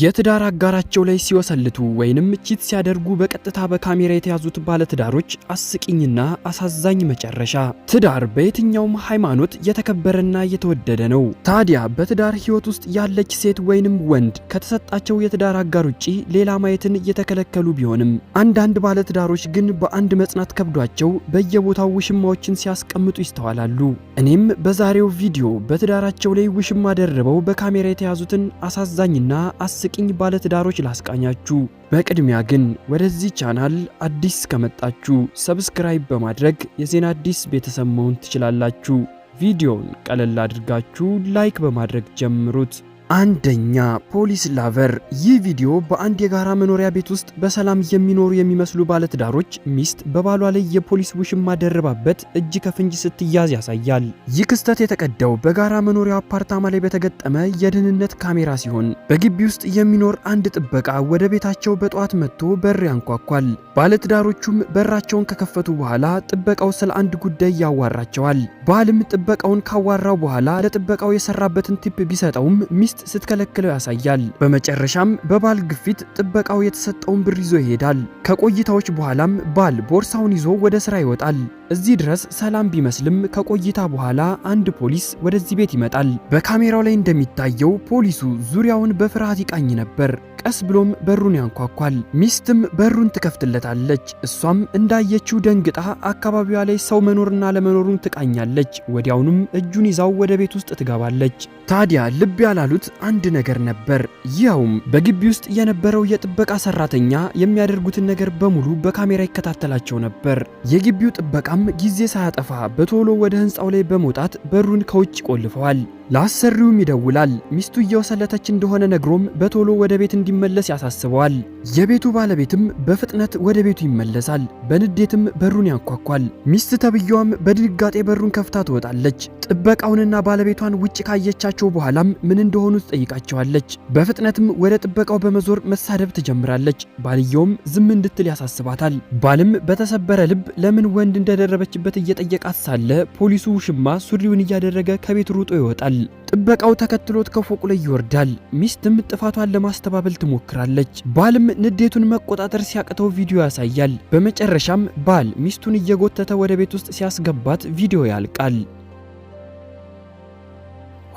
የትዳር አጋራቸው ላይ ሲወሰልቱ ወይንም ቺት ሲያደርጉ በቀጥታ በካሜራ የተያዙት ባለትዳሮች አስቂኝና አሳዛኝ መጨረሻ። ትዳር በየትኛውም ሃይማኖት የተከበረና የተወደደ ነው። ታዲያ በትዳር ሕይወት ውስጥ ያለች ሴት ወይንም ወንድ ከተሰጣቸው የትዳር አጋር ውጪ ሌላ ማየትን እየተከለከሉ ቢሆንም አንዳንድ ባለትዳሮች ግን በአንድ መጽናት ከብዷቸው በየቦታው ውሽማዎችን ሲያስቀምጡ ይስተዋላሉ። እኔም በዛሬው ቪዲዮ በትዳራቸው ላይ ውሽማ ደርበው በካሜራ የተያዙትን አሳዛኝና አስቂኝ ባለትዳሮች ላስቃኛችሁ። በቅድሚያ ግን ወደዚህ ቻናል አዲስ ከመጣችሁ ሰብስክራይብ በማድረግ የዜና አዲስ ቤተሰብ መሆን ትችላላችሁ። ቪዲዮውን ቀለል አድርጋችሁ ላይክ በማድረግ ጀምሩት። አንደኛ ፖሊስ ላቨር። ይህ ቪዲዮ በአንድ የጋራ መኖሪያ ቤት ውስጥ በሰላም የሚኖሩ የሚመስሉ ባለትዳሮች ሚስት በባሏ ላይ የፖሊስ ውሽማ ደርባበት እጅ ከፍንጅ ስትያዝ ያሳያል። ይህ ክስተት የተቀዳው በጋራ መኖሪያ አፓርታማ ላይ በተገጠመ የደህንነት ካሜራ ሲሆን በግቢ ውስጥ የሚኖር አንድ ጥበቃ ወደ ቤታቸው በጠዋት መጥቶ በር ያንኳኳል። ባለትዳሮቹም በራቸውን ከከፈቱ በኋላ ጥበቃው ስለ አንድ ጉዳይ ያዋራቸዋል። ባልም ጥበቃውን ካዋራው በኋላ ለጥበቃው የሰራበትን ቲፕ ቢሰጠውም ሚስት መንግስት ስትከለክለው ያሳያል። በመጨረሻም በባል ግፊት ጥበቃው የተሰጠውን ብር ይዞ ይሄዳል። ከቆይታዎች በኋላም ባል ቦርሳውን ይዞ ወደ ስራ ይወጣል። እዚህ ድረስ ሰላም ቢመስልም ከቆይታ በኋላ አንድ ፖሊስ ወደዚህ ቤት ይመጣል። በካሜራው ላይ እንደሚታየው ፖሊሱ ዙሪያውን በፍርሃት ይቃኝ ነበር። ቀስ ብሎም በሩን ያንኳኳል። ሚስትም በሩን ትከፍትለታለች። እሷም እንዳየችው ደንግጣ አካባቢዋ ላይ ሰው መኖርና ለመኖሩን ትቃኛለች። ወዲያውኑም እጁን ይዛው ወደ ቤት ውስጥ ትገባለች። ታዲያ ልብ ያላሉት አንድ ነገር ነበር። ይኸውም በግቢ ውስጥ የነበረው የጥበቃ ሰራተኛ የሚያደርጉትን ነገር በሙሉ በካሜራ ይከታተላቸው ነበር። የግቢው ጥበቃም ጊዜ ሳያጠፋ በቶሎ ወደ ህንፃው ላይ በመውጣት በሩን ከውጭ ቆልፈዋል። ለአሰሪውም ይደውላል። ሚስቱ እየወሰለተች እንደሆነ ነግሮም በቶሎ ወደ ቤት እንዲመለስ ያሳስበዋል። የቤቱ ባለቤትም በፍጥነት ወደ ቤቱ ይመለሳል። በንዴትም በሩን ያንኳኳል። ሚስት ተብያዋም በድንጋጤ በሩን ከፍታ ትወጣለች። ጥበቃውንና ባለቤቷን ውጭ ካየቻቸው በኋላም ምን እንደሆኑ ትጠይቃቸዋለች። በፍጥነትም ወደ ጥበቃው በመዞር መሳደብ ትጀምራለች። ባልየውም ዝም እንድትል ያሳስባታል። ባልም በተሰበረ ልብ ለምን ወንድ እንደደረበችበት እየጠየቃት ሳለ ፖሊሱ ውሽማ ሱሪውን እያደረገ ከቤት ሩጦ ይወጣል። ጥበቃው ተከትሎት ከፎቁ ላይ ይወርዳል። ሚስትም ጥፋቷን ለማስተባበል ትሞክራለች። ባልም ንዴቱን መቆጣጠር ሲያቅተው ቪዲዮ ያሳያል። በመጨረሻም ባል ሚስቱን እየጎተተ ወደ ቤት ውስጥ ሲያስገባት ቪዲዮ ያልቃል።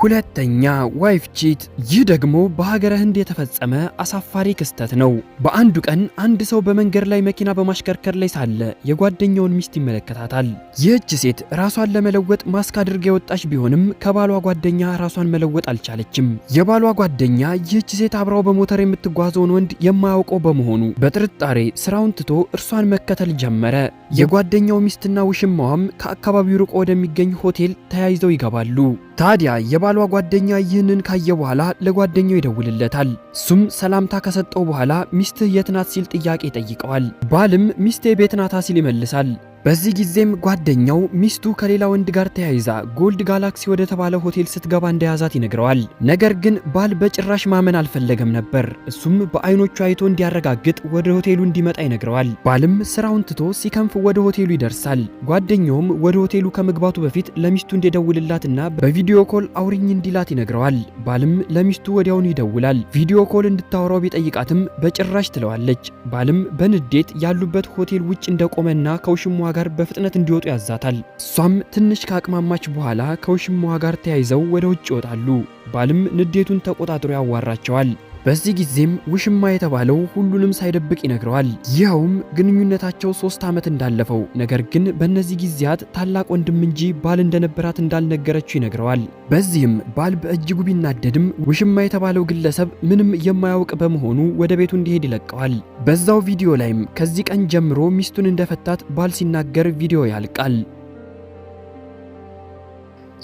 ሁለተኛ ዋይፍ ቺት። ይህ ደግሞ በሀገረ ህንድ የተፈጸመ አሳፋሪ ክስተት ነው። በአንዱ ቀን አንድ ሰው በመንገድ ላይ መኪና በማሽከርከር ላይ ሳለ የጓደኛውን ሚስት ይመለከታታል። ይህች ሴት ራሷን ለመለወጥ ማስክ አድርጋ የወጣች ቢሆንም ከባሏ ጓደኛ ራሷን መለወጥ አልቻለችም። የባሏ ጓደኛ ይህች ሴት አብራው በሞተር የምትጓዘውን ወንድ የማያውቀው በመሆኑ በጥርጣሬ ስራውን ትቶ እርሷን መከተል ጀመረ። የጓደኛው ሚስትና ውሽማዋም ከአካባቢው ርቆ ወደሚገኝ ሆቴል ተያይዘው ይገባሉ። ታዲያ የባሏ ጓደኛ ይህንን ካየ በኋላ ለጓደኛው ይደውልለታል። እሱም ሰላምታ ከሰጠው በኋላ ሚስትህ የት ናት ሲል ጥያቄ ይጠይቀዋል። ባልም ሚስቴ ቤትናታ ሲል ይመልሳል። በዚህ ጊዜም ጓደኛው ሚስቱ ከሌላ ወንድ ጋር ተያይዛ ጎልድ ጋላክሲ ወደ ተባለ ሆቴል ስትገባ እንደያዛት ይነግረዋል። ነገር ግን ባል በጭራሽ ማመን አልፈለገም ነበር። እሱም በአይኖቹ አይቶ እንዲያረጋግጥ ወደ ሆቴሉ እንዲመጣ ይነግረዋል። ባልም ስራውን ትቶ ሲከንፍ ወደ ሆቴሉ ይደርሳል። ጓደኛውም ወደ ሆቴሉ ከመግባቱ በፊት ለሚስቱ እንዲደውልላትና በቪዲዮ ኮል አውሪኝ እንዲላት ይነግረዋል። ባልም ለሚስቱ ወዲያውኑ ይደውላል። ቪዲዮ ኮል እንድታወራው ቢጠይቃትም በጭራሽ ትለዋለች። ባልም በንዴት ያሉበት ሆቴል ውጭ እንደቆመና ከውሽሟ ጋር በፍጥነት እንዲወጡ ያዛታል። እሷም ትንሽ ካቅማማች በኋላ ከውሽማዋ ጋር ተያይዘው ወደ ውጭ ይወጣሉ። ባልም ንዴቱን ተቆጣጥሮ ያዋራቸዋል። በዚህ ጊዜም ውሽማ የተባለው ሁሉንም ሳይደብቅ ይነግረዋል። ይኸውም ግንኙነታቸው ሶስት ዓመት እንዳለፈው ነገር ግን በእነዚህ ጊዜያት ታላቅ ወንድም እንጂ ባል እንደነበራት እንዳልነገረችው ይነግረዋል። በዚህም ባል በእጅጉ ቢናደድም ውሽማ የተባለው ግለሰብ ምንም የማያውቅ በመሆኑ ወደ ቤቱ እንዲሄድ ይለቀዋል። በዛው ቪዲዮ ላይም ከዚህ ቀን ጀምሮ ሚስቱን እንደፈታት ባል ሲናገር ቪዲዮ ያልቃል።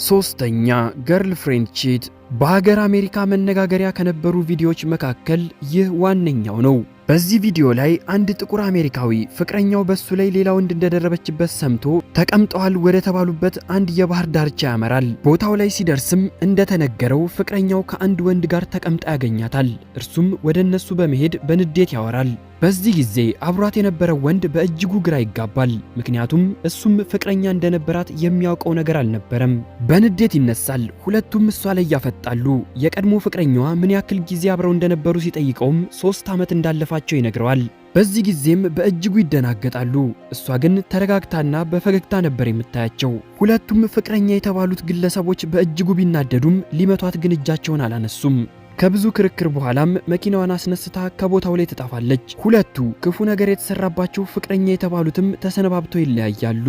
ሶስተኛ ገርል ቺት በሀገር አሜሪካ መነጋገሪያ ከነበሩ ቪዲዮዎች መካከል ይህ ዋነኛው ነው። በዚህ ቪዲዮ ላይ አንድ ጥቁር አሜሪካዊ ፍቅረኛው በሱ ላይ ሌላ ወንድ እንደደረበችበት ሰምቶ ተቀምጠዋል ወደ ተባሉበት አንድ የባህር ዳርቻ ያመራል። ቦታው ላይ ሲደርስም እንደተነገረው ፍቅረኛው ከአንድ ወንድ ጋር ተቀምጣ ያገኛታል። እርሱም ወደ እነሱ በመሄድ በንዴት ያወራል። በዚህ ጊዜ አብሯት የነበረው ወንድ በእጅጉ ግራ ይጋባል። ምክንያቱም እሱም ፍቅረኛ እንደነበራት የሚያውቀው ነገር አልነበረም። በንዴት ይነሳል። ሁለቱም እሷ ላይ ያፈጣሉ። የቀድሞ ፍቅረኛዋ ምን ያክል ጊዜ አብረው እንደነበሩ ሲጠይቀውም ሶስት ዓመት እንዳለፋ እንደጠፋቸው ይነግረዋል። በዚህ ጊዜም በእጅጉ ይደናገጣሉ። እሷ ግን ተረጋግታና በፈገግታ ነበር የምታያቸው። ሁለቱም ፍቅረኛ የተባሉት ግለሰቦች በእጅጉ ቢናደዱም ሊመቷት ግን እጃቸውን አላነሱም። ከብዙ ክርክር በኋላም መኪናዋን አስነስታ ከቦታው ላይ ትጠፋለች። ሁለቱ ክፉ ነገር የተሰራባቸው ፍቅረኛ የተባሉትም ተሰነባብተው ይለያያሉ።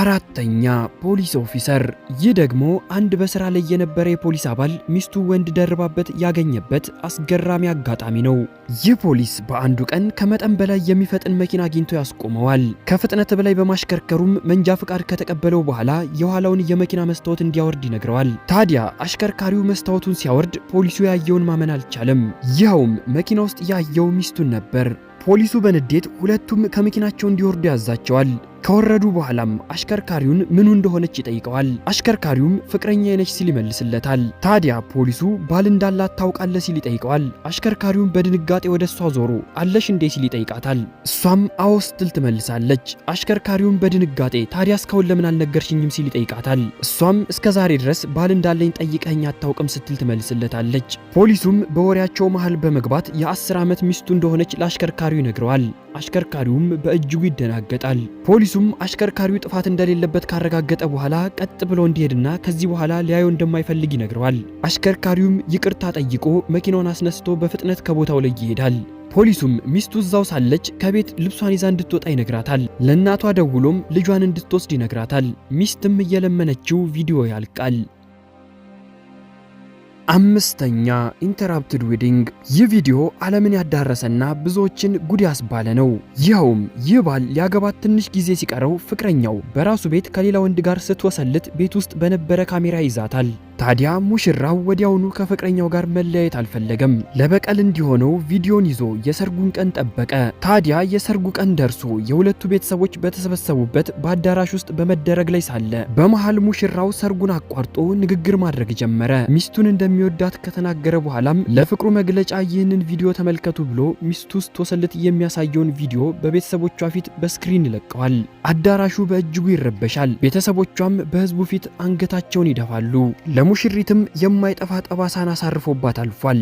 አራተኛ ፖሊስ ኦፊሰር። ይህ ደግሞ አንድ በስራ ላይ የነበረ የፖሊስ አባል ሚስቱ ወንድ ደርባበት ያገኘበት አስገራሚ አጋጣሚ ነው። ይህ ፖሊስ በአንዱ ቀን ከመጠን በላይ የሚፈጥን መኪና አግኝቶ ያስቆመዋል። ከፍጥነት በላይ በማሽከርከሩም መንጃ ፍቃድ ከተቀበለው በኋላ የኋላውን የመኪና መስታወት እንዲያወርድ ይነግረዋል። ታዲያ አሽከርካሪው መስታወቱን ሲያወርድ ፖሊሱ ያየውን ማመን አልቻለም። ይኸውም መኪና ውስጥ ያየው ሚስቱን ነበር። ፖሊሱ በንዴት ሁለቱም ከመኪናቸው እንዲወርዱ ያዛቸዋል። ከወረዱ በኋላም አሽከርካሪውን ምኑ እንደሆነች ይጠይቀዋል። አሽከርካሪውም ፍቅረኛ ነች ሲል ይመልስለታል። ታዲያ ፖሊሱ ባል እንዳላት ታውቃለ ሲል ይጠይቀዋል። አሽከርካሪውም በድንጋጤ ወደ እሷ ዞሮ አለሽ እንዴ ሲል ይጠይቃታል። እሷም አዎ ስትል ትመልሳለች። አሽከርካሪውም በድንጋጤ ታዲያ እስካሁን ለምን አልነገርሽኝም ሲል ይጠይቃታል። እሷም እስከ ዛሬ ድረስ ባል እንዳለኝ ጠይቀኝ አታውቅም ስትል ትመልስለታለች። ፖሊሱም በወሬያቸው መሃል በመግባት የአስር ዓመት ሚስቱ እንደሆነች ለአሽከርካሪው ይነግረዋል። አሽከርካሪውም በእጅጉ ይደናገጣል። ፖሊሱም አሽከርካሪው ጥፋት እንደሌለበት ካረጋገጠ በኋላ ቀጥ ብሎ እንዲሄድና ከዚህ በኋላ ሊያየው እንደማይፈልግ ይነግረዋል። አሽከርካሪውም ይቅርታ ጠይቆ መኪናውን አስነስቶ በፍጥነት ከቦታው ላይ ይሄዳል። ፖሊሱም ሚስቱ እዛው ሳለች ከቤት ልብሷን ይዛ እንድትወጣ ይነግራታል። ለእናቷ ደውሎም ልጇን እንድትወስድ ይነግራታል። ሚስትም እየለመነችው ቪዲዮ ያልቃል። አምስተኛ ኢንተራፕትድ ዌዲንግ። ይህ ቪዲዮ ዓለምን ያዳረሰና ብዙዎችን ጉድ ያስባለ ነው። ይኸውም ይህ ባል ሊያገባት ትንሽ ጊዜ ሲቀረው ፍቅረኛው በራሱ ቤት ከሌላ ወንድ ጋር ስትወሰልት ቤት ውስጥ በነበረ ካሜራ ይዛታል። ታዲያ ሙሽራው ወዲያውኑ ከፍቅረኛው ጋር መለያየት አልፈለገም። ለበቀል እንዲሆነው ቪዲዮን ይዞ የሰርጉን ቀን ጠበቀ። ታዲያ የሰርጉ ቀን ደርሶ የሁለቱ ቤተሰቦች በተሰበሰቡበት በአዳራሽ ውስጥ በመደረግ ላይ ሳለ በመሃል ሙሽራው ሰርጉን አቋርጦ ንግግር ማድረግ ጀመረ። ሚስቱን እንደሚወዳት ከተናገረ በኋላም ለፍቅሩ መግለጫ ይህንን ቪዲዮ ተመልከቱ ብሎ ሚስቱ ስትወሰልት የሚያሳየውን ቪዲዮ በቤተሰቦቿ ፊት በስክሪን ይለቀዋል። አዳራሹ በእጅጉ ይረበሻል። ቤተሰቦቿም በህዝቡ ፊት አንገታቸውን ይደፋሉ። ለሙሽሪትም የማይጠፋ ጠባሳን አሳርፎባት አልፏል።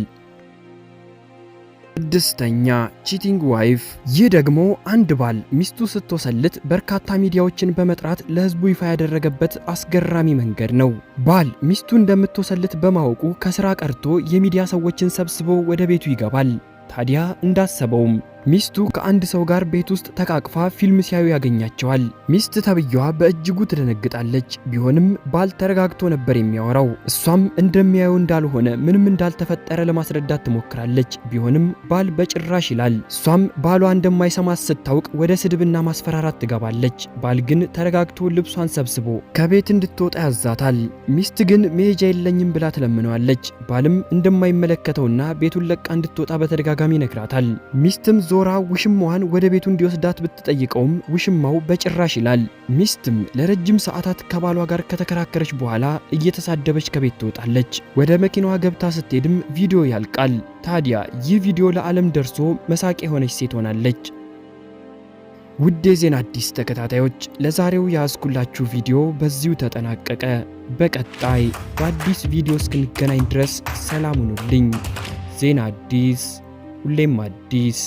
ስድስተኛ ቺቲንግ ዋይፍ። ይህ ደግሞ አንድ ባል ሚስቱ ስትወሰልት በርካታ ሚዲያዎችን በመጥራት ለህዝቡ ይፋ ያደረገበት አስገራሚ መንገድ ነው። ባል ሚስቱ እንደምትወሰልት በማወቁ ከስራ ቀርቶ የሚዲያ ሰዎችን ሰብስቦ ወደ ቤቱ ይገባል። ታዲያ እንዳሰበውም ሚስቱ ከአንድ ሰው ጋር ቤት ውስጥ ተቃቅፋ ፊልም ሲያዩ ያገኛቸዋል። ሚስት ተብዬዋ በእጅጉ ትደነግጣለች። ቢሆንም ባል ተረጋግቶ ነበር የሚያወራው። እሷም እንደሚያየው እንዳልሆነ ምንም እንዳልተፈጠረ ለማስረዳት ትሞክራለች። ቢሆንም ባል በጭራሽ ይላል። እሷም ባሏ እንደማይሰማት ስታውቅ ወደ ስድብና ማስፈራራት ትገባለች። ባል ግን ተረጋግቶ ልብሷን ሰብስቦ ከቤት እንድትወጣ ያዛታል። ሚስት ግን መሄጃ የለኝም ብላ ትለምነዋለች። ባልም እንደማይመለከተውና ቤቱን ለቃ እንድትወጣ በተደጋጋሚ ይነግራታል። ሚስትም ዞራ ውሽማዋን ወደ ቤቱ እንዲወስዳት ብትጠይቀውም ውሽማው በጭራሽ ይላል። ሚስትም ለረጅም ሰዓታት ከባሏ ጋር ከተከራከረች በኋላ እየተሳደበች ከቤት ትወጣለች። ወደ መኪናዋ ገብታ ስትሄድም ቪዲዮ ያልቃል። ታዲያ ይህ ቪዲዮ ለዓለም ደርሶ መሳቅ የሆነች ሴት ሆናለች። ውድ የዜና አዲስ ተከታታዮች ለዛሬው ያዝኩላችሁ ቪዲዮ በዚሁ ተጠናቀቀ። በቀጣይ በአዲስ ቪዲዮ እስክንገናኝ ድረስ ሰላም ሁኑልኝ። ዜና አዲስ ሁሌም አዲስ